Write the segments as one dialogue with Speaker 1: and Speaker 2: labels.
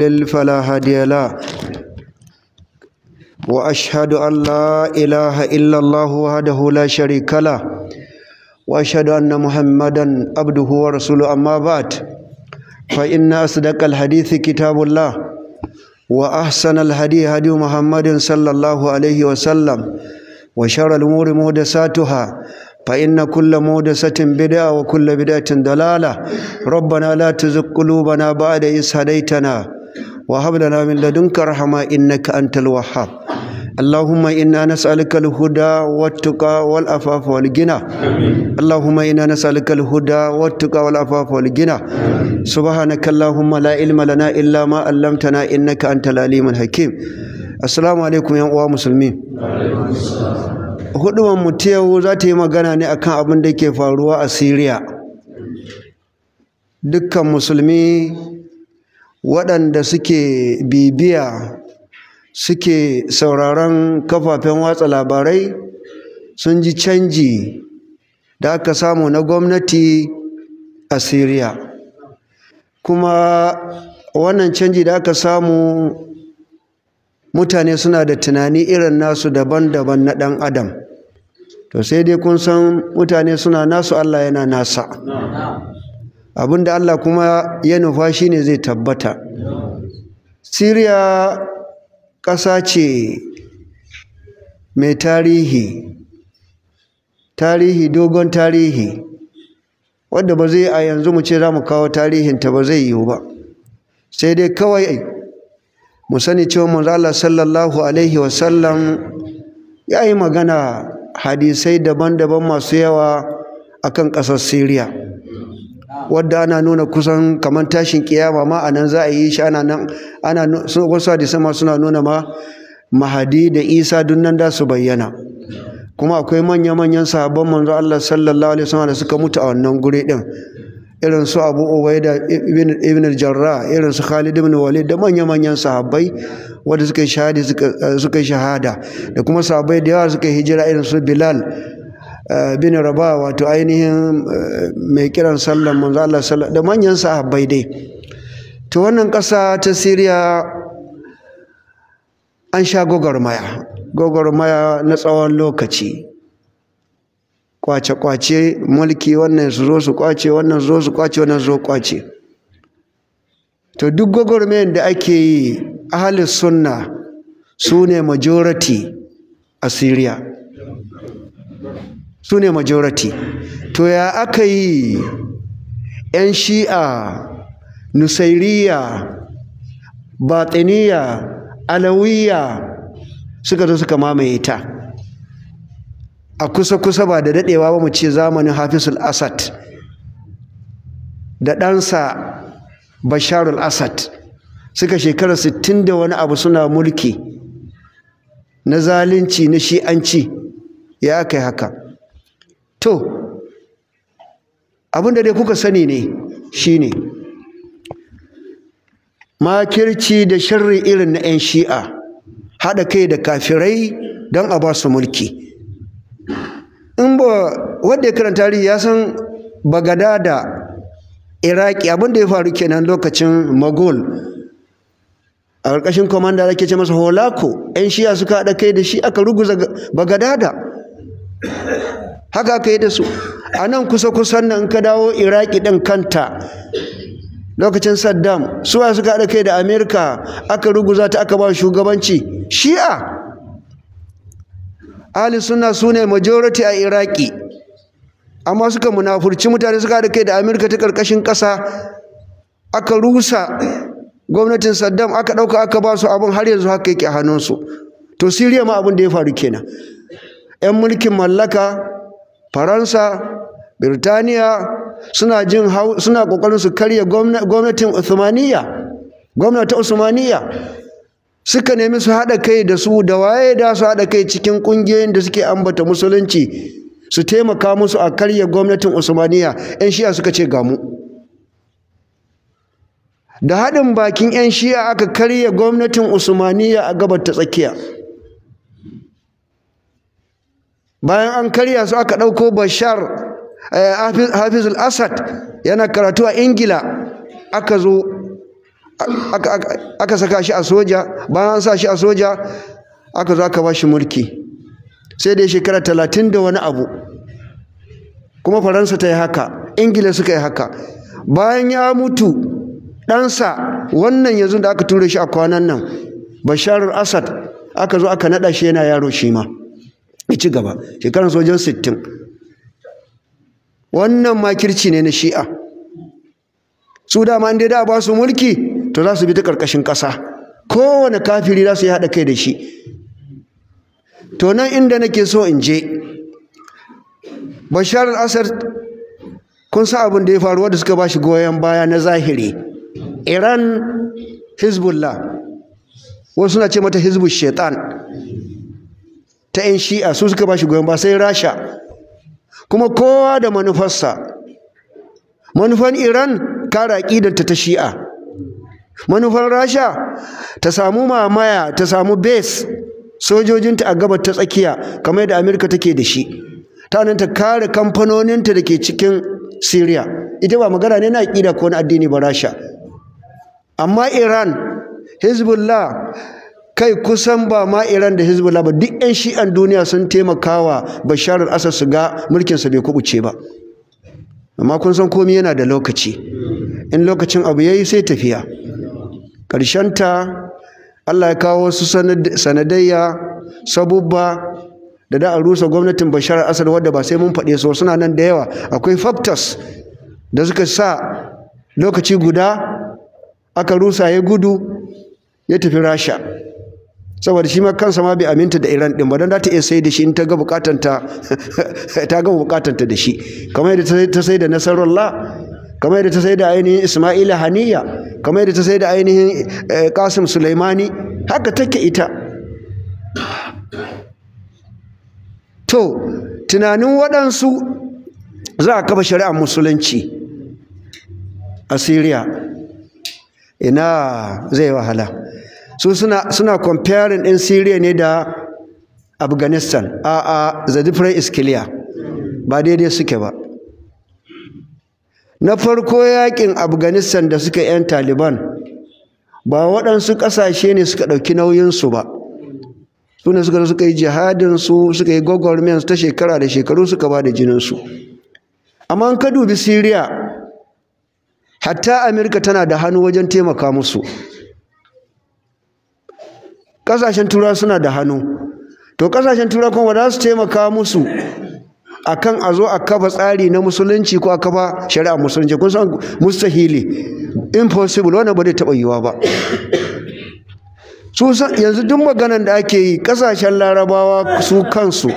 Speaker 1: لل فلا هادي له واشهد ان لا اله الا الله وحده لا شريك له واشهد ان محمدا عبده ورسوله اما بعد فان اصدق الحديث كتاب الله واحسن الهدي هدي محمد صلى الله عليه وسلم وشر الامور محدثاتها فإن كل مودسة بدعة وكل بدعة ضلالة ربنا لا تزغ قلوبنا بعد إذ هديتنا وهب لنا من لدنك رحمة إنك أنت الوهاب اللهم إنا نسألك الهدى والتقى والعفاف والغنى اللهم إنا نسألك الهدى والتقى والعفاف والغنى سبحانك اللهم لا علم لنا إلا ما علمتنا إنك أنت العليم الحكيم السلام عليكم يا أخوة مسلمين huduwar mu ta yau za ta yi magana ne akan abin da ke faruwa a Siriya dukkan musulmi waɗanda suke bibiya suke sauraron kafafen watsa labarai sun ji canji da aka samu na gwamnati a Siriya. Kuma wannan canji da aka samu mutane suna da tunani irin nasu daban-daban na ɗan adam. To sai dai kun san mutane suna nasu Allah yana nasa. Abin da Allah kuma ya nufa shine zai tabbata Siriya ƙasa ce mai tarihi tarihi dogon tarihi wadda ba zai a yanzu mu ce za mu kawo tarihinta ba zai yiwu ba sai dai kawai mu sani cewa manzo Allah sallallahu alaihi wasallam ya yi magana hadisai daban-daban masu yawa akan ƙasar Siriya wadda ana nuna kusan kamar tashin kiyama ma a nan za a yi shi ana nan ana wasu hadisai ma suna nuna ma mahadi da isa dun nan da su bayyana kuma akwai manya-manyan sahabban manzo Allah sallallahu alaihi wasallam da suka mutu a wannan guri din irin su Abu Ubaida ibn ibn al-Jarrah irin su Khalid ibn Walid da manya-manyan sahabbai wanda suka shahada suka suka shahada da kuma sahabbai da yawa suka hijira irin su Bilal Eh, bin raba wato ainihin eh, mai kiran sallan manzo Allah sallallahu da manyan sahabbai dai to wannan ƙasa ta Syria an sha gogarmaya gogarmaya na tsawon lokaci kwace-kwace mulki wannan su zo su kwace wannan su zo su kwace wannan su zo kwace to duk gwagwarmayar da ake yi ahli sunna su ne majority a syria su ne majority to ya aka yi 'yan shi'a nusairiya batiniya alawiya suka zo suka mamaye ta a kusa-kusa ba da daɗewa ba mu ce zamanin hafizul asad da ɗansa basharul asad suka shekara sittin da wani abu suna mulki na zalunci na shi'anci ya aka yi haka to abinda dai kuka sani ne shi ne. makirci da sharri irin na 'yan shi'a haɗa kai da kafirai don a ba su mulki in ba wanda ya karanta tarihi ya san bagada da iraki abinda ya faru kenan lokacin magol a ƙarƙashin komanda da ke ce masa holako 'yan shiya suka haɗa kai da shi aka ruguza bagadada haka ka yi da su a nan kusa-kusan nan ka dawo iraki ɗin kanta lokacin saddam suwa suka haɗa kai da amerika aka ruguza ta aka ba shugabanci shi'a ahli suna su ne majority a iraki amma suka munafurci mutane suka haɗa kai da amerika ta ƙarƙashin ƙasa aka rusa gwamnatin saddam aka ɗauka aka ba su abin har yanzu haka yake a hannunsu to siriya ma abin da ya faru kenan 'yan mulkin mallaka faransa birtaniya suna jin suna kokarin su karya gwamnatin usmaniya gwamnatin usmaniya suka nemi su haɗa kai da su da waye da su haɗa kai cikin ƙungiyoyin da suke ambata musulunci su taimaka musu a karya gwamnatin usmaniya 'yan shi'a suka ce gamu da haɗin bakin 'yan shi'a aka karya gwamnatin usmaniya a gabar ta tsakiya bayan an karya su aka ɗauko bashar eh, hafiz al-assad yana karatu a ingila aka zo aka saka shi a soja bayan an sa shi a soja aka zo aka ba shi mulki sai dai shekara talatin da wani abu kuma faransa ta yi haka ingila suka yi haka bayan ya mutu ɗansa wannan yanzu da aka tura shi a kwanan nan bashar assad aka zo aka naɗa shi yana yaro shi ma ya ci gaba shekaran sojan sittin wannan makirci ne na shi'a su dama inda da ba su mulki to za su bi ta ƙarƙashin ƙasa kowane kafiri za su yi haɗa kai da shi to nan inda nake so in je bashar al-assad kun sa abin da ya faru wanda suka ba shi goyon baya na zahiri iran hezbollah wasu na ce mata hezbollah shaitan ta 'yan shi'a su suka ba shi goyon ba sai rasha kuma kowa da manufarsa manufan iran kara ƙidanta ta shi'a manufan rasha ta samu mamaya ta samu base sojojinta a gabar ta tsakiya kamar yadda amurka take da shi ta nan ta kare kamfanoninta da ke cikin syria ita ba magana ne na ƙida ko na addini ba rasha amma iran hezbollah kai kusan ba ma Iran da Hezbollah ba duk 'yan shi'an duniya sun taimakawa Bashar al-Assad su ga mulkinsa bai kubuce ba amma kun san komai yana da lokaci in lokacin abu ya yi sai tafiya ta Allah ya kawo wasu sanadayya sabubba da da a rusa gwamnatin Bashar al-Assad wadda ba sai mun faɗe su suna nan da yawa akwai factors da suka sa lokaci guda aka rusa ya gudu ya tafi Rasha saboda shi ma kansa ma bai aminta da Iran din ba don zata ta iya sai da shi in ta ga bukatanta ta da shi kamar yadda ta sai da Nasarullah kamar yadda ta sai da ainihin Ismaila Haniya kamar yadda ta sai da ainihin eh, Qasim Sulaimani haka take ita to tunanin waɗansu za a kafa shari'ar musulunci a Syria ina zai wahala su suna suna comparing din Syria ne da Afghanistan a a the difference is clear ba daidai suke ba na farko yakin Afghanistan da suka yan Taliban ba waɗansu ƙasashe ne suka ɗauki nauyinsu ba su ne suka suka yi jihadinsu suka yi gwagwarmiyar ta shekara da shekaru suka ba da jininsu amma ka dubi Syria hatta Amerika tana da hannu wajen taimaka musu ƙasashen tura suna da hannu to ƙasashen tura kuma ba su taimaka musu akan a zo a kafa tsari na musulunci ko a kafa shari'a musulunci kun san mustahili impossible wannan ba zai taɓa yiwa ba su yanzu duk maganan da ake yi ƙasashen larabawa su kansu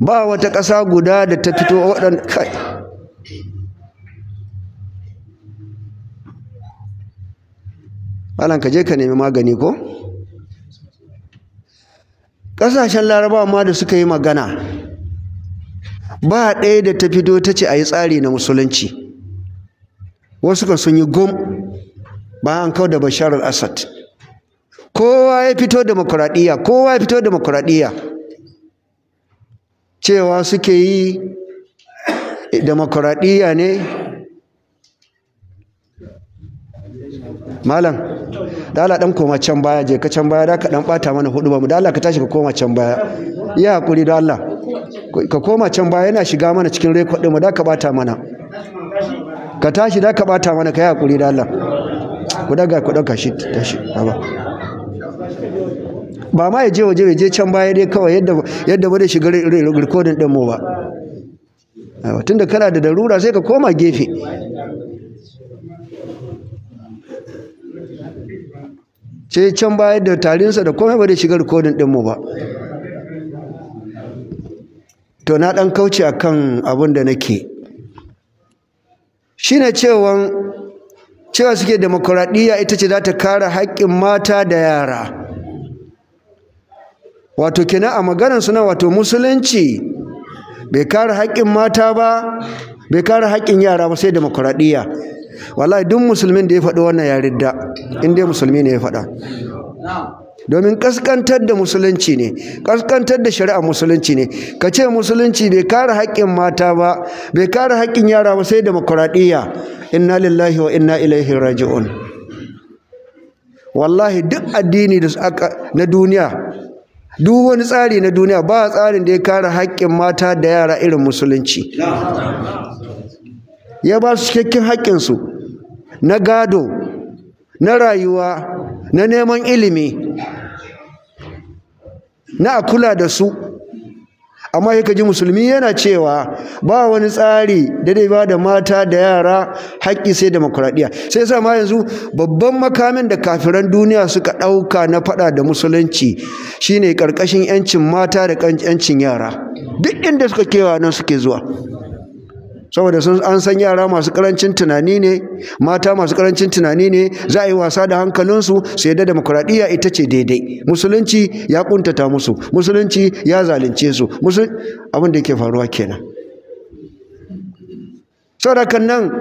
Speaker 1: ba wata ƙasa guda da ta fito waɗanda malam ka je ka nemi magani ko ƙasashen larabawa ma da suka yi magana ba ɗaya da ta fito ta ce a yi tsari na musulunci wasu kan sun yi gum an kau da bashar al-assad kowa ya fito demokuraɗiyya kowa ya fito demokuraɗiyya cewa suke yi demokuraɗiyya ne malam da Allah dan koma can baya je ka can baya da ka dan bata mana hudu ba mu da Allah ka tashi ka koma can baya ya hakuri da Allah ka koma can baya yana shiga mana cikin record din mu da ka bata mana ka tashi da ka bata mana ka yi hakuri da Allah ku daga ku dauka shi tashi baba ba ma ya je waje ya je can baya dai kawai yadda yadda ba da shiga recording din mu ba tunda kana da darura sai ka koma gefe sai can bayar da tarinsa da komai ba da shiga rikodin ɗinmu ba to na ɗan kauce a kan abin da nake shi ne cewa cewa suke demokuraɗiyya ita ce za ta kare haƙƙin mata da yara wato kina a maganar suna wato musulunci bai kare haƙƙin mata ba bai kare haƙƙin yara ba sai demokuraɗiyya wallahi duk musulmin da ya faɗi wannan ya ridda in dai musulmi ne ya faɗa domin kaskantar da musulunci ne kaskantar da shari'a musulunci ne ka ce musulunci bai kare haƙƙin mata ba bai kare haƙƙin yara ba sai demokuraɗiyya inna lillahi wa inna ilaihi raji'un wallahi duk addini na duniya duk wani tsari na duniya ba tsarin da ya kare haƙƙin mata da yara irin musulunci ya ba su cikakken haƙƙinsu na gado na rayuwa na neman ilimi na a kula da su amma sai ka ji musulmi yana cewa ba wani tsari da dai ba da mata da yara haƙƙi sai demokuraɗiyya sai sa ma yanzu babban makamin da kafiran duniya suka ɗauka na faɗa da musulunci shine ƙarƙashin 'yancin mata da 'yancin yara duk inda suka kewa nan suke zuwa saboda sun an san yara masu karancin tunani ne mata masu karancin tunani ne za a yi wasa da hankalinsu su yadda demokuraɗiyya ita ce daidai musulunci ya kuntata musu musulunci ya zalunce su abin da yake faruwa kenan saboda nan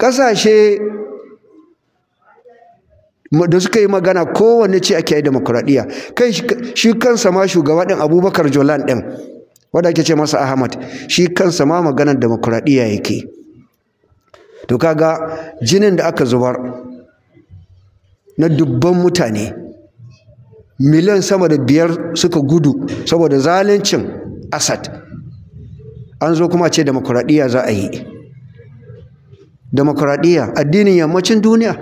Speaker 1: ƙasashe da suka yi magana kowanne ce ake yi demokuraɗiyya kai shi kansa ma shugaba ɗin abubakar jolan ɗin wanda ake ce masa Ahmad shi kansa ma maganar demokuraɗiyya yake to kaga jinin da aka zubar na dubban mutane miliyan sama da biyar suka gudu saboda zaluncin asad an zo kuma ce demokuraɗiyya za a yi demokuraɗiyya addinin yammacin duniya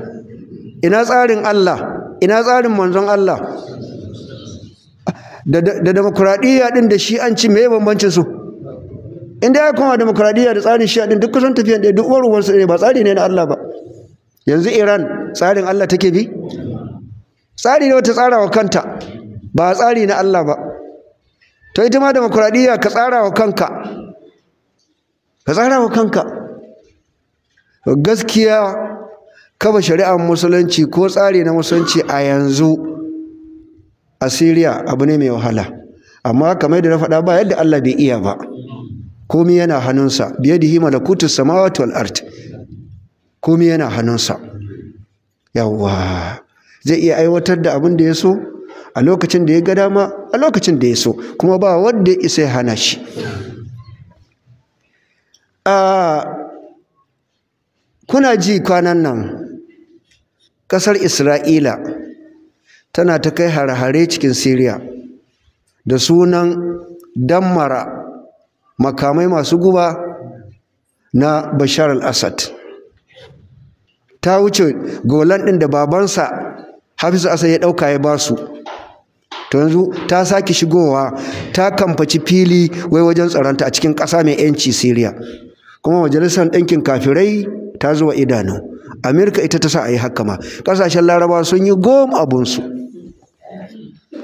Speaker 1: ina tsarin Allah ina tsarin manzon Allah da demokuraɗiyya ɗin da shi an ci meye bambancin su in da ya koma demokuraɗiyya da tsarin shi ɗin duk kusan tafiyan ɗaya duk uwar ne ba tsari ne na Allah ba yanzu Iran tsarin Allah take bi tsari ne wata tsara wa kanta ba tsari na Allah ba to ita ma demokuraɗiyya ka tsara wa kanka ka tsara wa kanka gaskiya kaba shari'ar musulunci ko tsari na musulunci a yanzu asiriya abu ne mai wahala amma kamar da na faɗa ba yadda Allah bai iya ba komi yana hannunsa biye da da kutu samawa wal ard komi yana hannunsa yawwa zai iya aiwatar da abin da ya so a lokacin da ya ga dama a lokacin da ya so kuma ba wanda ya isa ya hana shi kuna ji kwanan nan ƙasar isra'ila tana ta kai harhare cikin Siriya da sunan dammara makamai masu guba na Bashar al-Assad ta wuce golan ɗin da babansa Hafizu Asad ya ɗauka ya ba su to yanzu ta sake shigowa ta kamfaci fili wai wajen tsaronta a cikin ƙasa mai 'yanci Siriya kuma majalisar ɗinkin kafirai ta zuwa idanu Amerika ita ta sa a yi haka ma ƙasashen larabawa sun yi gom abunsu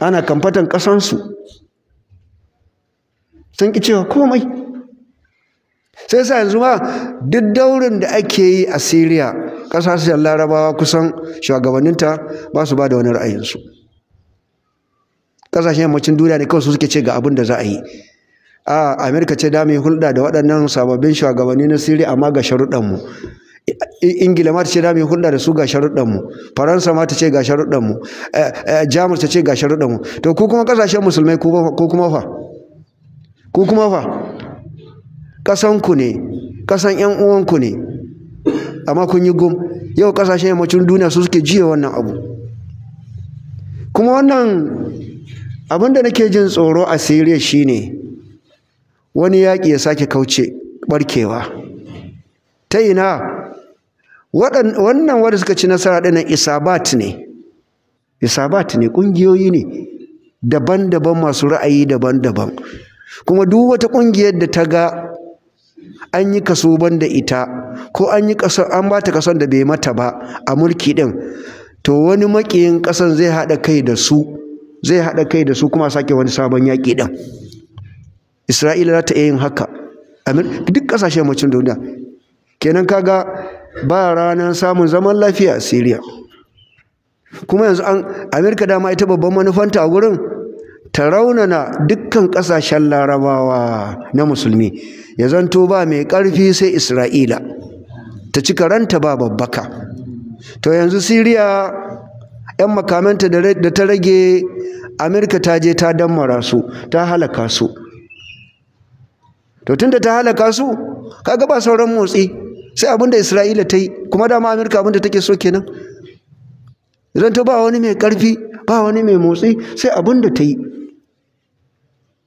Speaker 1: ana kamfatan ƙasansu sun ƙi cewa komai sai sa yanzu ma duk daurin da ake yi a siriya ƙasashen larabawa kusan shugabanninta ba su ba da wani ra'ayinsu ƙasashen yammacin duniya ne kawai su suke ce ga abin da za a yi a amerika ce da mai hulɗa da waɗannan sababbin shugabanni na siriya amma ga sharuɗanmu ingila ma ta ce dami hulɗa da su ga mu. faransa ma ta ce ga mu. Eh, eh, jamus ta ce ga mu. to ku kuma ƙasashen musulmai ku kuma fa ku kuma fa ku ne ƙasan 'yan uwanku ne amma kun yi gum yau ƙasashen yammacin duniya su suke jiya wannan abu kuma wannan abin da nake jin tsoro a siriya shine wani yaƙi ya sake kauce ɓarkewa ta ina wannan wanda suka ci nasara ɗin isabat ne isabat ne ƙungiyoyi ne daban-daban masu ra'ayi daban-daban kuma duk wata ƙungiyar da ta ga an yi kaso da ita ko an yi kaso an bata kason da bai mata ba a mulki din to wani makiyin kasan zai haɗa kai da su zai haɗa kai da su kuma sake wani sabon yaƙi din Isra'ila za ta yin haka amin duk kasashen macin duniya kenan kaga ba ranar samun zaman lafiya a Siriya. kuma yanzu an dama ita babban manufanta a gurin ta raunana dukkan ƙasashen larabawa na musulmi ya zanto ba mai karfi sai Isra'ila ta ci karanta ba babbaka to yanzu Siriya 'yan makamanta da ta rage Amurka ta je ta dammara su ta halaka su to tunda ta halaka su kaga ba sauran motsi sai abin da isra'ila ta yi kuma dama amurka abin da take so kenan idan ta ba wani mai karfi ba wani mai motsi sai abin da ta yi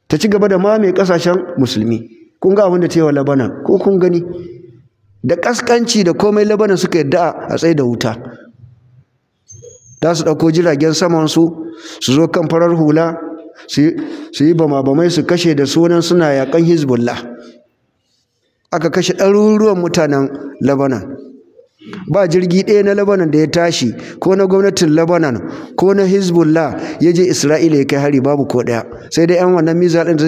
Speaker 1: ta ci gaba da ma mai kasashen musulmi kun ga abin da ta yi wa labanan ko kun gani da kaskanci da komai labanan suka yadda a tsaye da wuta za su ɗauko jiragen samansu su zo kan farar hula su yi bama-bamai su kashe da sunan suna yakan hezbollah aka kashe ɗaruruwan mutanen Labanan. ba jirgi ɗaya na Labanan da ya tashi ko na gwamnatin Labanan, ko na Hezbollah ya je Isra'ila ya kai hari babu ko ɗaya sai dai yan wannan mizal ɗin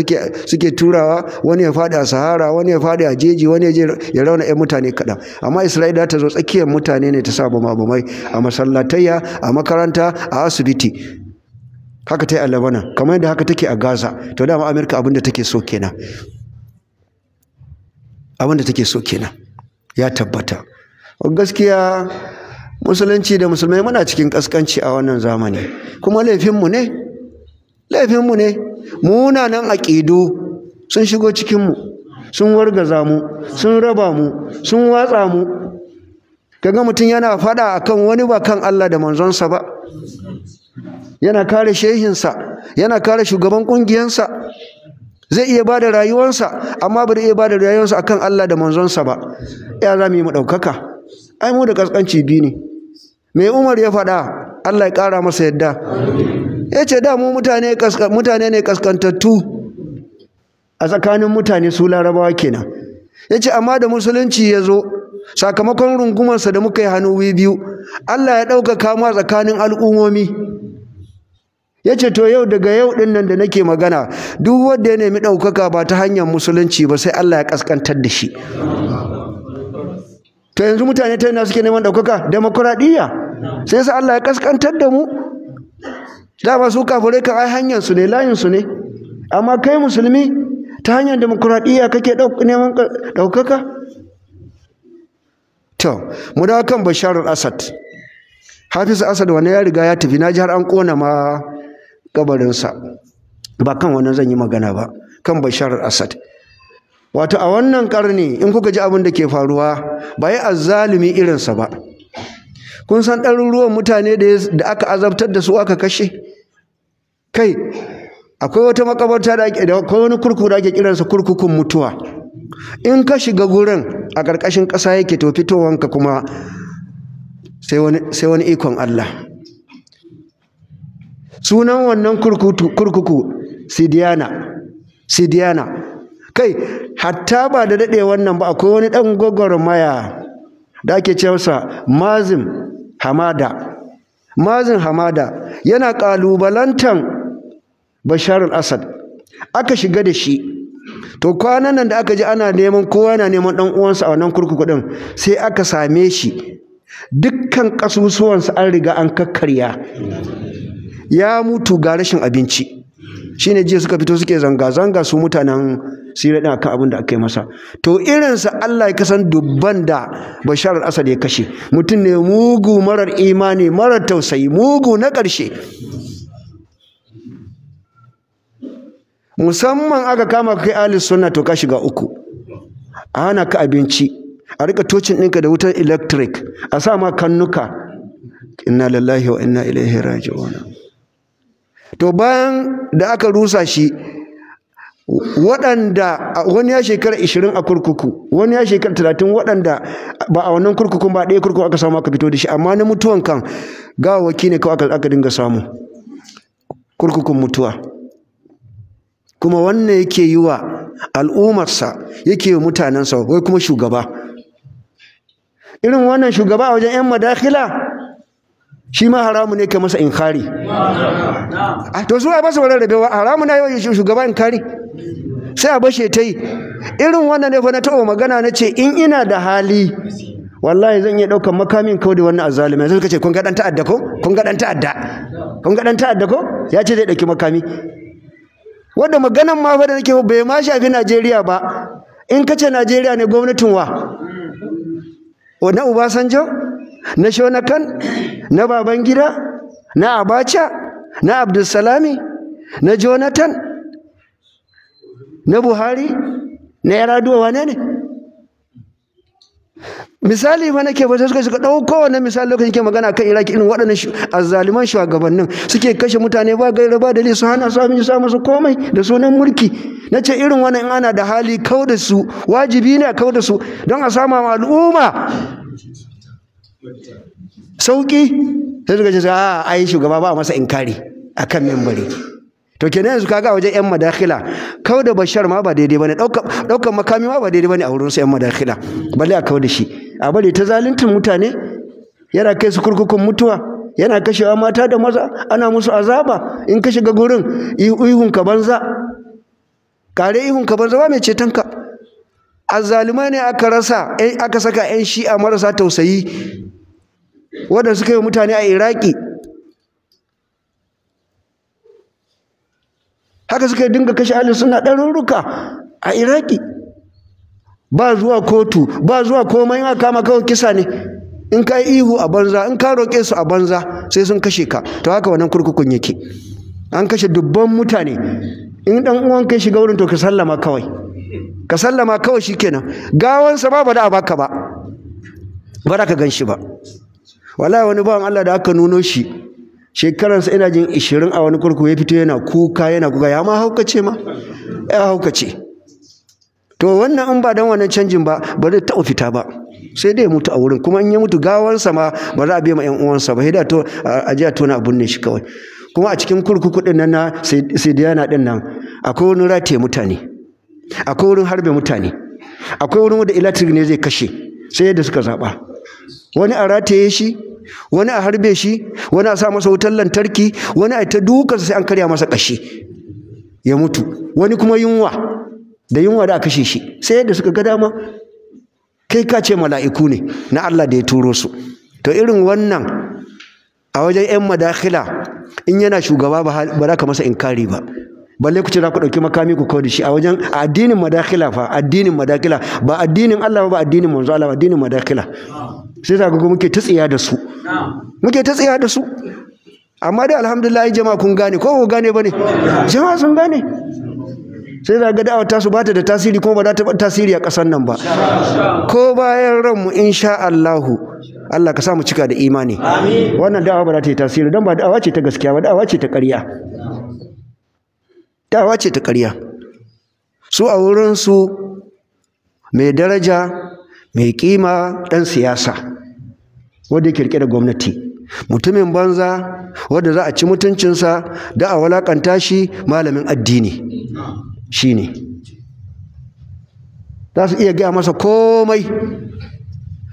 Speaker 1: suke turawa wani ya faɗi a Sahara wani ya faɗi a jeji wani ya je ya rauna 'yan mutane kaɗan amma Isra'ila ta zo tsakiyar mutane ne ta sa bamai a masallatayya a makaranta a asibiti haka ta yi a Labanan. kamar yadda haka take a Gaza to dama Amurka abin da take so kenan abin da take so kenan ya tabbata gaskiya musulunci da musulmai muna cikin kaskanci a wannan zamani kuma laifinmu ne laifinmu ne munanan aƙidu sun shigo cikinmu sun wargaza mu sun raba mu sun watsa mu kaga mutum yana faɗa akan wani ba kan Allah da manzonsa ba yana kare shehinsa yana kare shugaban ƙungiyarsa zai iya ba da rayuwarsa amma ba zai iya da rayuwarsa akan Allah da manzonsa ba ya za mu yi mu ai mu da kaskanci bi ne me Umar ya faɗa Allah ya ƙara masa yadda ya ce da mu mutane mutane ne kaskantattu a tsakanin mutane su larabawa kenan ya ce amma da musulunci ya zo sakamakon rungumarsa da muka yi hannu biyu Allah ya ɗaukaka mu a tsakanin al'ummomi yace to yau daga yau din nan da nake magana duk wanda ya nemi ɗaukaka ba ta hanyar musulunci ba sai Allah ya kaskantar da shi to yanzu mutane ta yana suke neman ɗaukaka demokuraɗiyya sai sa Allah ya kaskantar da mu dama su kafirai kan ai hanyar su ne layin su ne amma kai musulmi ta hanyar demokuraɗiyya kake neman ɗaukaka to mu dawo kan basharul asad hafiz asad wani ya riga ya tafi na ji har an kona ma kabarinsa ba kan wannan zan yi magana ba kan bashar asad wato a wannan karni in kuka ji abin da ke faruwa ba yi azzalumi irinsa ba kun san ɗaruruwan mutane da aka azabtar da su aka kashe kai akwai wata makabarta da ake akwai wani kurkuku da ake kiransa kurkukun mutuwa in ka shiga gurin a ƙarƙashin ƙasa yake to fitowanka kuma sai wani ikon Allah sunan wannan kurkuku sidiyana sidiyana kai hatta ba da daɗe wannan ba akwai wani ɗan gwagwarmaya da ake cewarsa mazin hamada mazin hamada yana ƙalubalantan bashar al-assad aka shiga da shi to kwanan nan da aka ji ana neman kowa yana neman ɗan uwansa a wannan kurkuku ɗin sai aka same shi dukkan ƙasusuwansa an riga an kakkarya ya mutu ga rashin abinci Shi ne jiya suka fito suke zanga-zanga su mutanen sira ɗin akan abin da aka yi masa to irinsa Allah ya kasan dubban da Bashar al assad ya kashe mutum ne mugu marar imani marar tausayi mugu na ƙarshe musamman aka kama kai alis suna to ka shiga uku a hana ka abinci a rika tocin ɗinka da wutar electric a sa ma kannuka inna lallahi wa inna ilaihi to bayan da aka rusa shi waɗanda wani ya shekara ishirin a kurkuku wani ya shekara talatin waɗanda ba a wannan kurkukun ba ɗaya kurkuku aka samu aka fito da shi amma na mutuwan kan gawawaki ne kawai aka dinga samu kurkukun mutuwa kuma wannan yake yi wa al'ummarsa yake yi mutanensa wai kuma shugaba irin wannan shugaba a wajen 'yan madakhila shi ma haramu ne ka masa in kari ah, to su a basa wani rabewa haramu na yau shugaba in kari sai a bashe ta yi irin wannan ne kwanata na magana na ce in ina da hali wallahi zan iya ɗaukar makamin kawai da wannan azzalumai sai suka ce kun ga ɗan ta'adda ko kun ga ɗan ta'adda kun ga ta'adda ko ya ce zai ɗauki makami wanda maganan ma fa da nake bai ma shafi Najeriya ba in kace Najeriya ne gwamnatin wa na Ubasanjo na shonakan na baban gida na abacha na abdulsalami na jonathan na buhari na yaraduwa wane ne misali ma nake ba suka suka dauko? wannan misali lokacin ke magana kan iraki irin waɗannan azzaliman shugabannin suke kashe mutane ba gaira ba dalili su hana su abinci su komai da sunan mulki na ce irin wannan ana da hali kau da su wajibi ne a kau da su don a sama al'umma sauki sai suka ce a ah, ai shugaba ba masa inkari kan membari to kenan yanzu kaga wajen yan madakhila kau da bashar ma ba daidai bane daukan makami ma ba daidai bane a wurin su yan madakhila balle a kau da shi a bari ta zaluntun mutane yana kai su kurkukun mutuwa yana kashewa mata da maza ana musu azaba in ka shiga gurin ihun ka banza kare ihun ka banza ba mai ceton ka azzalima ne aka rasa eh, aka saka 'yan shi'a marasa tausayi wanda suka yi mutane a iraki haka suka dinga kashe ahli suna ɗarurruka a iraki ba zuwa kotu ba zuwa komai aka kama kawai kisa ne in ka yi ihu a banza in ka roƙe su a banza sai sun kashe ka to haka wannan kurkukun yake an kashe dubban mutane in ɗan uwan kai shiga wurin to ka sallama kawai ka sallama kawai kenan gawansa ba ba da a baka ba ba da ka gan shi ba wallahi wani bawan Allah da aka nuno shi sa ina jin 20 a wani kurku ya fito yana kuka yana kuka ya ma haukace ma ya haukace to wannan in ba dan wannan canjin ba ba zai taɓa fita ba sai dai ya mutu a wurin kuma in ya mutu gawansa ma ba za a biya ma ƴan uwansa ba sai to a jiya tona a binne shi kawai kuma a cikin kurkuku din nan na sai da yana din nan akwai wani rataye mutane akwai wurin harbe mutane akwai wurin da electric ne zai kashe sai yadda suka zaɓa wani a rataye shi wani a harbe shi wani a sa masa wutar lantarki wani a ta duka sai an karya masa ƙashi ya mutu wani kuma yunwa da yunwa da a kashe shi sai yadda suka ga dama kai ka ce mala'iku ne na Allah da ya turo su to irin wannan a wajen 'yan madakhila in yana shugaba ba za ka masa inkari ba balle ku ce za ku ɗauki makami ku kawo da shi a wajen addinin madakila fa addinin madakila ba addinin Allah ba addinin manzo Allah ba addinin madakila sai za ku muke ta tsiya da su muke ta tsiya da su amma dai alhamdulillah jama'a kun gane ko ku gane bane jama'a sun gane sai za ga da'awar tasu ba ta da tasiri kuma ba za ta tasiri a ƙasar nan ba ko bayan ranmu insha Allah Allah ka sa mu cika da imani wannan da'awa ba za ta yi tasiri don ba da'awa ce ta gaskiya ba da'awa ce ta ƙarya dawa ce ta karya. su a wurinsu mai daraja mai kima ɗan siyasa wadda yake da gwamnati mutumin banza wadda za a ci mutuncinsa da a walakanta shi malamin addini shi ne za su iya gaya masa komai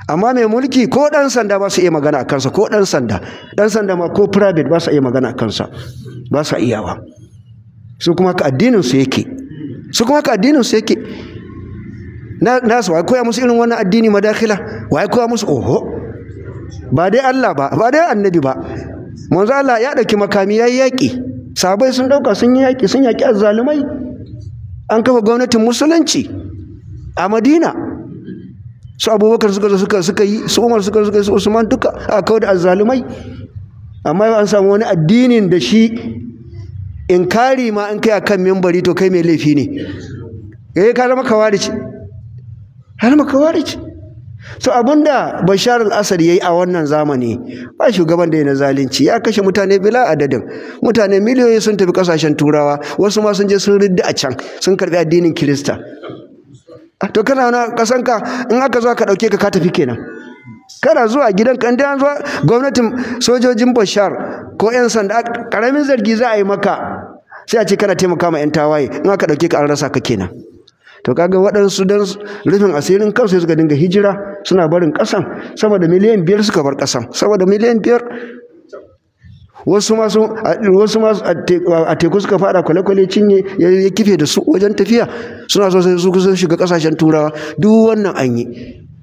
Speaker 1: amma mai mulki ko ɗan sanda ba su iya magana a kansa ko ɗan sanda ɗan sanda ma ko private ba su iya magana a kansa ba su iyawa su kuma haka addinin su yake su kuma haka addinin su yake na su wai koya musu irin wannan addini madakhila wai koya musu oho ba dai Allah ba ba dai annabi ba manzo Allah ya dauki makami yayi yaki sabai sun dauka sun yi yaki sun yaki azzalumai an kafa gwamnatin musulunci a Madina su Abubakar suka zo suka suka yi su Umar suka suka yi su Usman duka a kawo da azzalumai amma an samu wani addinin da shi in kari ma in kai a kan membari to kai mai laifi ne eh ka zama kawarici ka zama kawarici so abinda bashar al ya yi a wannan zamani ba shugaban da ya na zalunci ya kashe mutane bila adadin mutane miliyoyi sun tafi kasashen turawa wasu ma sun je sun ridda a can sun karbi addinin kirista ah, to kana na kasanka in aka zo ka dauke ka ka tafi kenan kana zuwa gidan kan dan zuwa gwamnatin sojojin bashar ko yan sanda karamin zargi za a yi maka sai a ce kana taimaka ma 'yan tawaye in aka ɗauke ka an rasa ka kenan to kaga waɗansu don rufin asirin kansu suka dinga hijira suna barin ƙasan sama da miliyan biyar suka bar ƙasan sama miliyan biyar wasu masu wasu masu a teku suka fada kwale-kwale cinye ya kife da su wajen tafiya suna so su kusa shiga kasashen turawa duk wannan an yi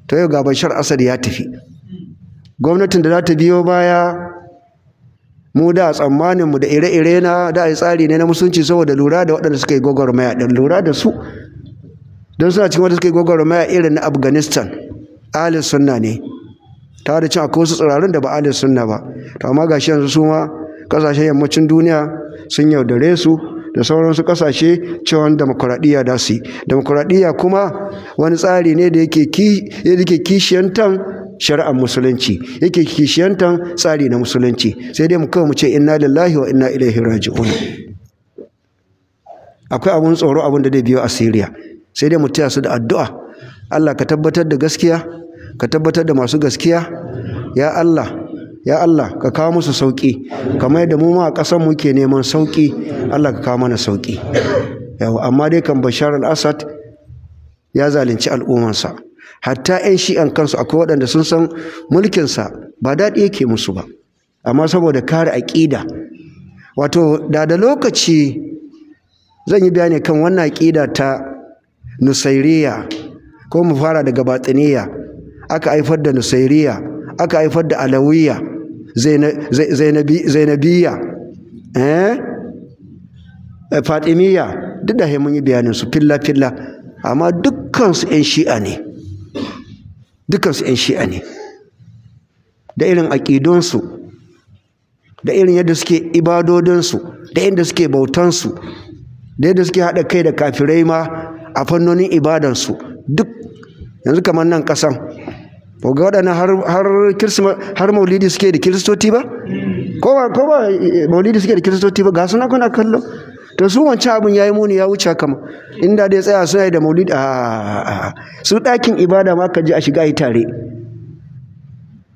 Speaker 1: to yau ga bashar asad ya tafi gwamnatin da za ta biyo baya mu da tsammanin mu da ire-ire na da yi tsari ne na musulunci saboda lura da waɗanda suka yi gwagwarmaya ɗin lura da su don suna cikin wata suka yi gwagwarmaya irin na afghanistan ahalin sunna ne ta da cin akwai wasu tsirarin da ba ahalin sunna ba to amma ga yanzu su ma kasashen yammacin duniya sun yaudare su da sauransu kasashe cewa demokuraɗiyya da su yi demokuraɗiyya kuma wani tsari ne da yake kishiyantan shari'ar musulunci yake kishiyantan tsari na musulunci sai dai mu kawai mu ce inna lillahi wa inna ilaihi raji'un akwai abun tsoro abun da zai biyo a Syria sai dai mu taya su da addu'a Allah ka tabbatar da gaskiya ka tabbatar da masu gaskiya ya Allah ya Allah ka kawo musu sauki kamar yadda mu ma a ƙasar mu ke neman sauki Allah ka kawo mana sauki yawa amma dai kan Bashar al-Assad ya zalunci al'ummarsa hatta 'yan shi'an kansu akwai waɗanda sun san mulkinsa ba daɗi yake musu ba amma saboda kare aƙida wato da da lokaci zan yi bayani kan wannan aƙida ta nusairiya ko mu fara daga batiniya aka haifar da nusairiya aka haifar da alawiya zainabiya eh, eh fatimiya duk da yi bayanin su filla filla amma dukkansu 'yan shi'a ne dukansu 'yan shi'a ne da irin aƙidonsu, da irin yadda suke ibadodinsu da yadda suke bautansu da yadda suke haɗa kai da kafirai ma a fannonin ibadansu duk yanzu kamar nan ƙasan ga waɗannan har maulidi suke da kiristoci ba ko ba eh, maulidi suke da kiristoci ba ga suna kuna kallo to su wancan abin ya yi muni ya wuce kama inda dai tsaya suna da maulid a su ɗakin ibada ma ka ji a shiga yi tare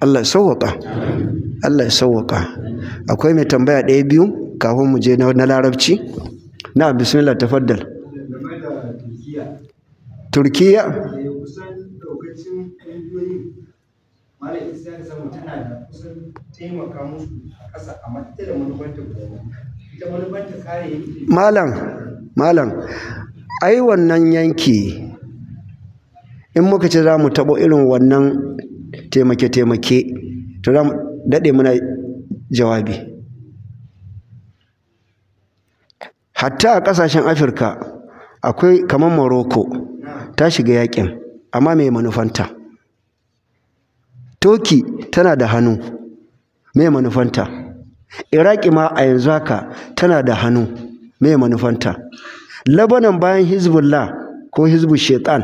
Speaker 1: Allah ya sauwaka Allah ya sauwaka akwai mai tambaya ɗaya biyu kafin mu je na larabci na bismillah faddal turkiya tana da kusan taimaka musu a ƙasa a manufar malam malam ai wannan yanki in muka ce za mu tabo irin wannan taimake-taimake to za mu daɗe muna jawabi hatta a ƙasashen afirka akwai kamar morocco ta shiga yakin amma mai manufanta toki tana da hannu mai manufanta iraki ma a yanzu haka tana da hannu mai manufanta labanan bayan hezbollah ko Hezbollah shaitan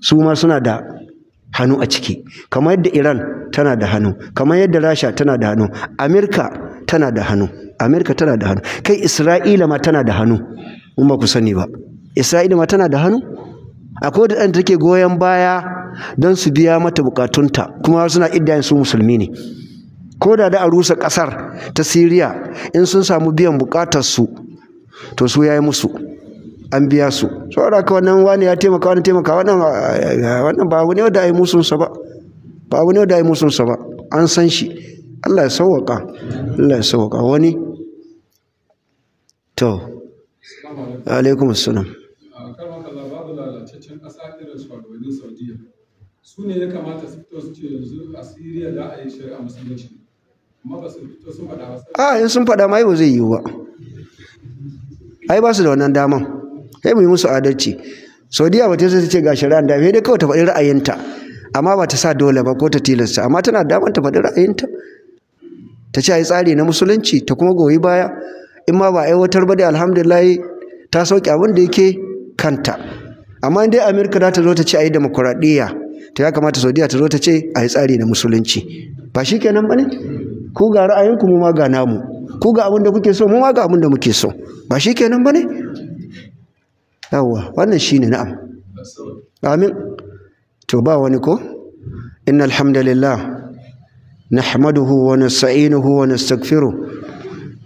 Speaker 1: su ma suna da hannu a ciki kamar yadda iran tana da hannu kamar yadda rasha tana da hannu amerika tana da hannu amerika tana da hannu kai isra'ila ma tana da hannu in ba ku sani ba isra'ila ma tana da hannu akwai da take goyon baya don su biya mata bukatunta kuma suna iddayen su musulmi ne ko da da a rusa ƙasar ta siriya in sun samu biyan buƙatarsu to su ya yi musu an biya su saboda haka wannan wani ya taimaka wani taimaka wannan ba wani wanda a yi musunsa ba ba wani wanda a yi musunsa ba an san shi Allah ya sauwaka Allah ya sauwaka wani to alaikum assalam su ne ya kamata su fito su ce yanzu a siriya za a yi shari'a musulunci Ah, in sun faɗa ma ba zai yiwu ba ai ba su da wannan daman sai mu yi musu adalci saudiya ba ta sai ta ce ga shari'an da dai kawai ta faɗi ra'ayinta amma ba ta sa dole ba ko ta tilasta amma tana daman ta faɗi ra'ayinta ta ce ai tsari na musulunci ta kuma goyi baya in ma ba aiwatar ba dai alhamdulillah ta sauke abin da yake kanta amma in dai amerika za ta zo ta ce ai demokuraɗiyya ta ya kamata saudiya ta zo ta ce ai tsari na musulunci ba shi kenan ba ne ku ga ra'ayinku mu ma ga namu ku ga abin da kuke so mu ma ga abin da muke so ba shi kenan ba ne yawwa wannan shi ne na'am amin to ba wani ko inna alhamdulillah nahmaduhu wa nasta'inuhu wa nastaghfiruh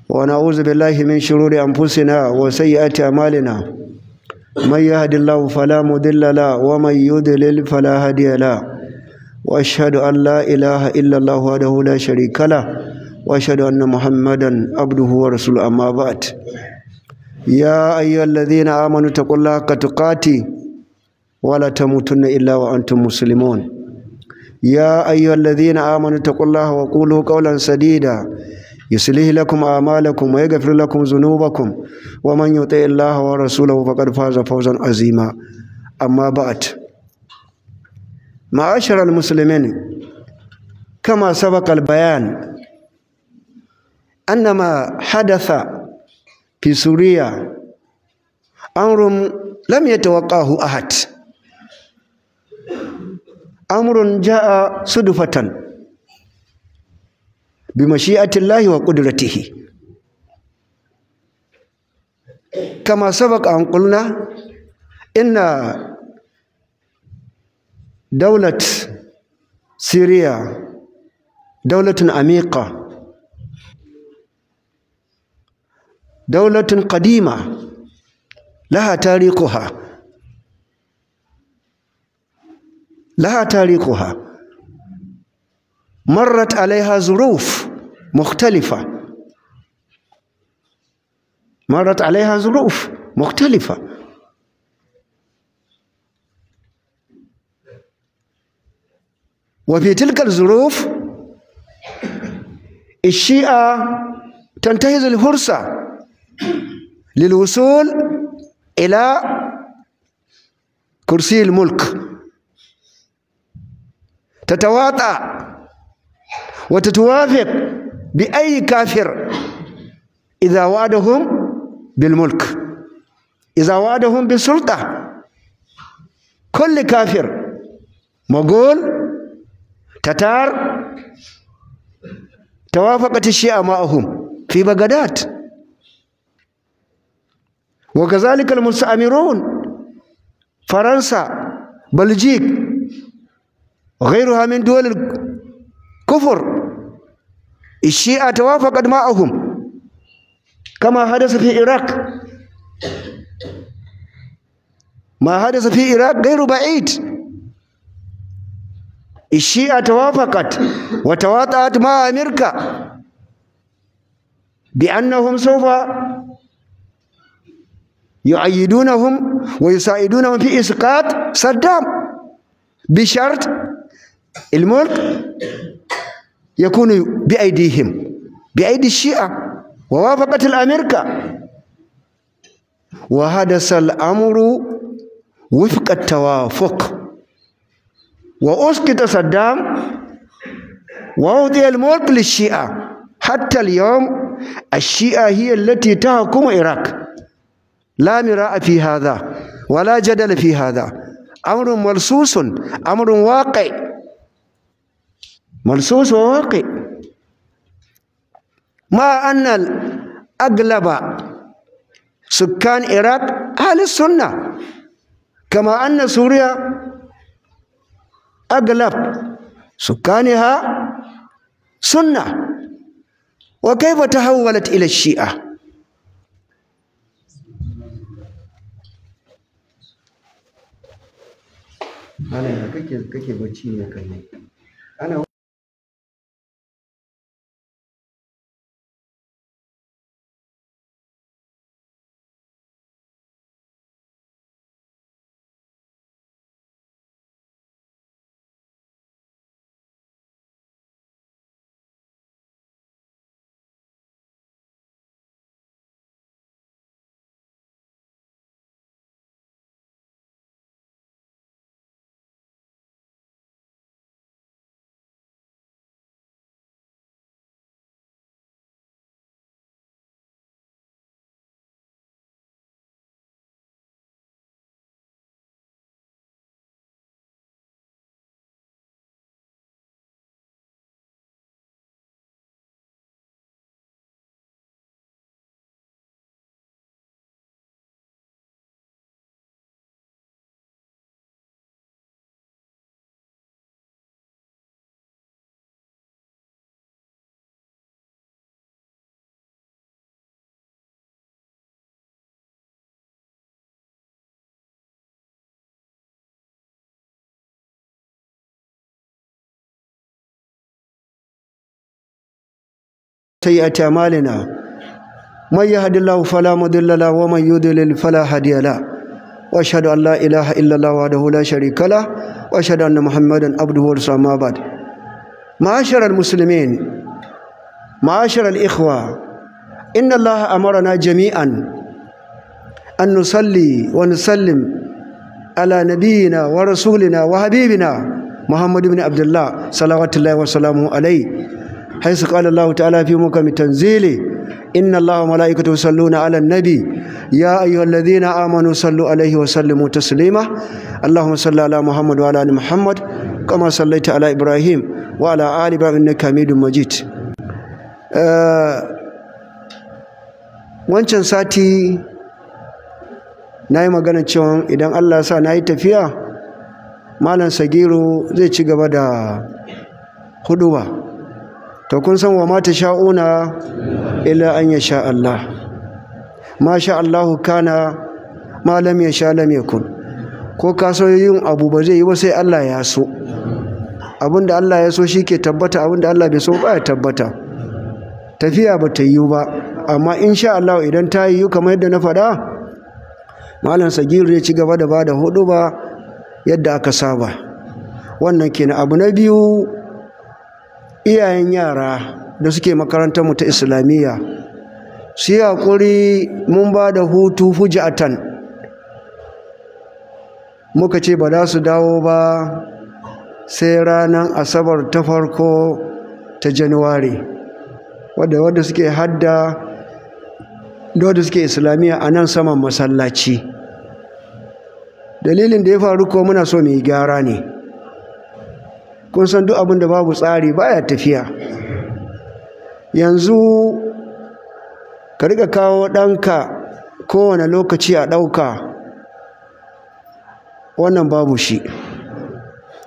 Speaker 1: wa na'udzu billahi min shururi anfusina wa sayyiati a'malina من يهد الله فلا مضل له ومن يضلل فلا هادي له واشهد ان لا اله الا الله وحده لا شريك له واشهد ان محمدا عبده ورسوله اما بعد يا ايها الذين امنوا اتقوا الله حق تقاته ولا تموتن الا وانتم مسلمون يا ايها الذين امنوا اتقوا الله وقولوا قولا سديدا يصلح لكم اعمالكم ويغفر لكم ذنوبكم ومن يطع الله ورسوله فقد فاز فوزا عظيما اما بعد Ma'asharar musulmin kama sabaka al-bayan annama hadatha fi suriya amrun lam yatawaqahu ahad amrun jaa sudufatan bi mashi'ati llahi wa qudratihi kama sabaka an qulna inna دولة سوريا دولة عميقة دولة قديمة لها تاريخها لها تاريخها مرت عليها ظروف مختلفة مرت عليها ظروف مختلفة وفي تلك الظروف الشيعة تنتهز الفرصة للوصول إلى كرسي الملك تتواطأ وتتوافق بأي كافر إذا وعدهم بالملك إذا وعدهم بالسلطة كل كافر مقول تتار توافقت الشيعة معهم في بغداد وكذلك المستعمرون فرنسا بلجيك وغيرها من دول الكفر الشيعة توافقت معهم كما حدث في العراق ما حدث في العراق غير بعيد الشيعة توافقت وتواطأت مع أمريكا بأنهم سوف يؤيدونهم ويساعدونهم في إسقاط صدام بشرط الملك يكون بأيديهم بأيدي الشيعة ووافقت الأمريكا وهذا الأمر وفق التوافق وأسقط صدام ووضع الملك للشيعة حتى اليوم الشيعة هي التي تحكم العراق لا مراء في هذا ولا جدل في هذا أمر مرصوص أمر واقع مرصوص وواقع مع أن أغلب سكان العراق أهل السنة كما أن سوريا أغلب سكانها سنة وكيف تحولت إلى الشيعة Ana kake kake bacci ne kai سيئات أعمالنا من يهد الله فلا مضل له ومن يضلل فلا هادي له وأشهد أن لا إله إلا الله وحده لا شريك له وأشهد أن محمدا عبده ورسوله ما بعد معاشر المسلمين معاشر الإخوة إن الله أمرنا جميعا أن نصلي ونسلم على نبينا ورسولنا وحبيبنا محمد بن عبد الله صلوات الله وسلامه عليه حيث قال الله تعالى في محكم تنزيله إن الله وملائكته يصلون على النبي يا أيها الذين آمنوا صلوا عليه وسلموا تسليما اللهم صل على محمد وعلى آل محمد كما صليت على إبراهيم وعلى آل إبراهيم إنك حميد مجيد wancan sati na yi magana cewa idan allah sa na yi tafiya malam sagiru zai ci gaba da huduba to kun san wa mata sha'una illa an ya Allah ma sha Allahu kana ma lam yasha lam yakun ko ka so yin abu ba zai yi ba sai Allah ya so da Allah ya so shi ke tabbata da Allah bai so ba ya tabbata tafiya ba ta yi ba amma insha Allah idan ta yi kamar yadda na faɗa malam sagiru ya ci gaba da bada hudu ba yadda aka saba wannan kenan abu na biyu iyayen yara da suke makarantar mu ta islamiyya su yi haƙuri mun ba da hutu hujatan muka ce ba za su dawo ba sai ranar asabar ta farko ta januwari wadda suke hadda wadda suke islamiyya a nan saman masallaci dalilin da ya faru ko muna so mu gyara ne kun san duk abin da babu tsari baya tafiya yanzu ka riga kawo ɗanka kowane lokaci a ɗauka wannan babu shi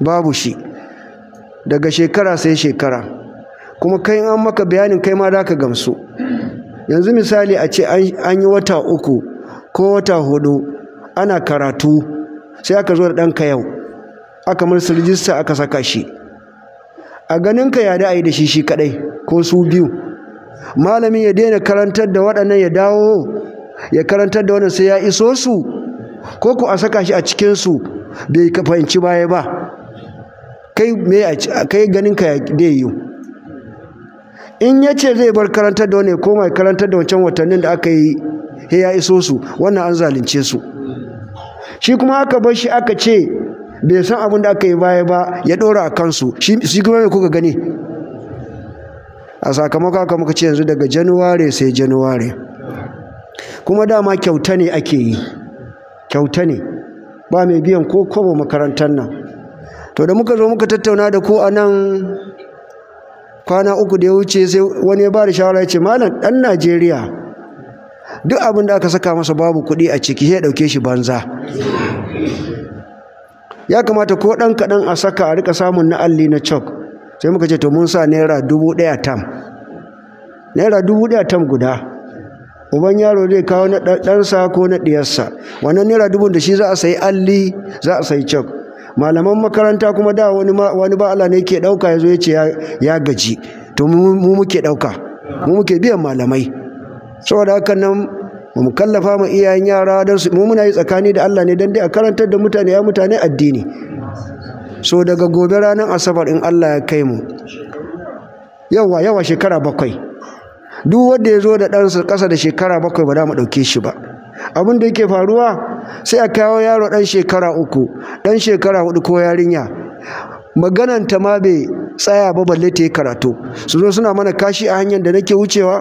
Speaker 1: babu shi daga shekara sai shekara kuma kai an maka bayanin kai ma da ka gamsu yanzu misali a ce an yi wata uku ko wata hudu ana karatu sai aka zo da ɗanka yau aka su rijista aka saka shi a ganinka ya da da shi shi kadai ko su biyu malamin ya daina karantar da waɗannan ya dawo ya karantar da wannan sai ya iso su ko ku a saka shi a cikin su bai ka fahimci baya ba kai me kai ganinka ya dai in ya ce zai bar karantar da wani koma karantar da wancan watannin da aka yi ya iso su wannan an zalunce su shi kuma aka bar shi aka ce bai san abin da aka yi baya ba ya ɗora a kansu shi kuma mai kuka gani a sakamakon aka muka ce yanzu daga januware sai januware kuma dama kyauta ne ake yi kyauta ne ba mai biyan ko kwabo makarantar nan to da muka zo muka tattauna da ku a nan kwana uku da ya wuce sai wani ya ba da shawara ya ce malam ɗan najeriya duk abin da aka saka masa babu kuɗi a ciki sai ya ɗauke shi banza ya kamata ko ɗan kaɗan a saka a rika samun na alli na cok sai muka ce to mun sa naira dubu ɗaya tam naira dubu ɗaya tam guda uban yaro zai kawo na ɗansa ko na ɗiyarsa wannan naira dubu da shi za a sayi alli za a sayi cok malaman makaranta kuma da wani wani ba Allah ne ke ɗauka ya zo ya ce ya gaji to mu muke ɗauka mu muke biyan malamai saboda haka nan mu kallafa mu iyayen yara don su mu muna yi tsakani da Allah ne don dai a karantar da mutane ya mutane addini so daga gobe ranar asabar in Allah ya kai mu yawa yawa shekara bakwai duk wanda ya zo da ɗansa ƙasa da shekara bakwai ba za mu ɗauke shi ba abin da yake faruwa sai a kawo yaro ɗan shekara uku ɗan shekara hudu ko yarinya maganan ta ma bai tsaya ba balle ta yi karatu su zo suna mana kashi a hanyar da nake wucewa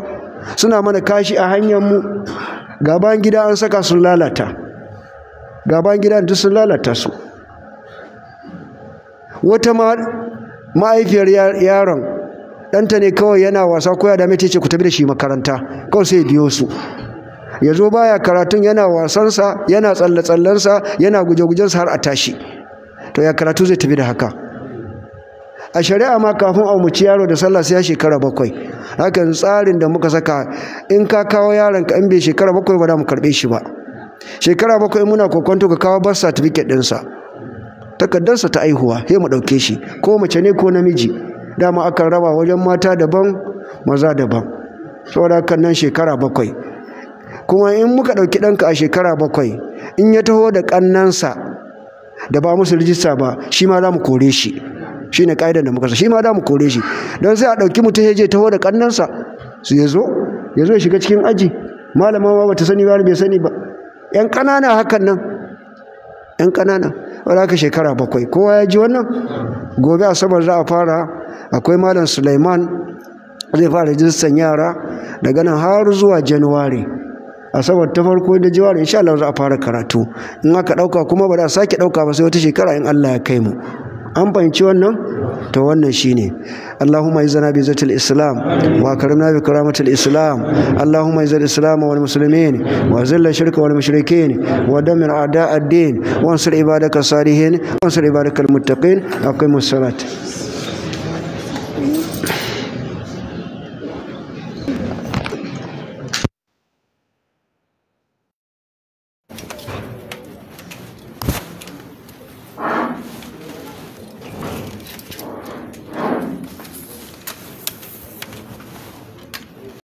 Speaker 1: suna mana kashi a hanyar mu gaban gida an saka sun lalata gaban gida duk sun lalata su wata ma'aifiyar yaron ɗanta ne kawai yana wasa koya da mace ce ku tafi da shi makaranta kawai sai biyo su ya zo baya karatun yana wasansa yana tsalle-tsallensa yana guje-gujensa har a tashi to ya karatu zai tafi da haka a shari'a ma kafin a muci yaro da sallah sai ya shekara bakwai haka tsarin da muka saka in ka kawo yaron ka in bai shekara bakwai ba da mu karbe shi ba shekara bakwai muna kokonto ka kawo birth certificate ɗinsa takardarsa ta aihuwa sai mu ɗauke shi ko mace ne ko namiji dama akan raba wajen mata daban maza daban saboda haka nan shekara bakwai kuma in muka ɗauki ɗanka a shekara bakwai in ya taho da ƙannansa da ba musu rijista ba shi ma za mu kore shi shine kaidan da muka sa shi ma da mu kore shi don sai a dauki mutum ya je taho da kannansa su ya zo ya zo shiga cikin aji malama ma bata sani ba bai sani ba yan kanana hakan nan yan kanana wala ka shekara bakwai kowa ya ji wannan gobe asabar za a fara akwai malam Sulaiman zai fara jinsan yara daga nan har zuwa Januwari asabar ta farko da jiwar insha Allah za a fara karatu in aka dauka kuma ba za a sake dauka ba sai wata shekara in Allah ya kai mu an fahimci wannan to wannan shine Allahumma izana bi zatil islam wa karimna bi karamatil islam Allahumma izal islam wal muslimin wa zill shirka wal mushrikin wa damir a'da'ad din wa ansur ibadaka salihin wa ansur ibadaka al muttaqin aqimus salat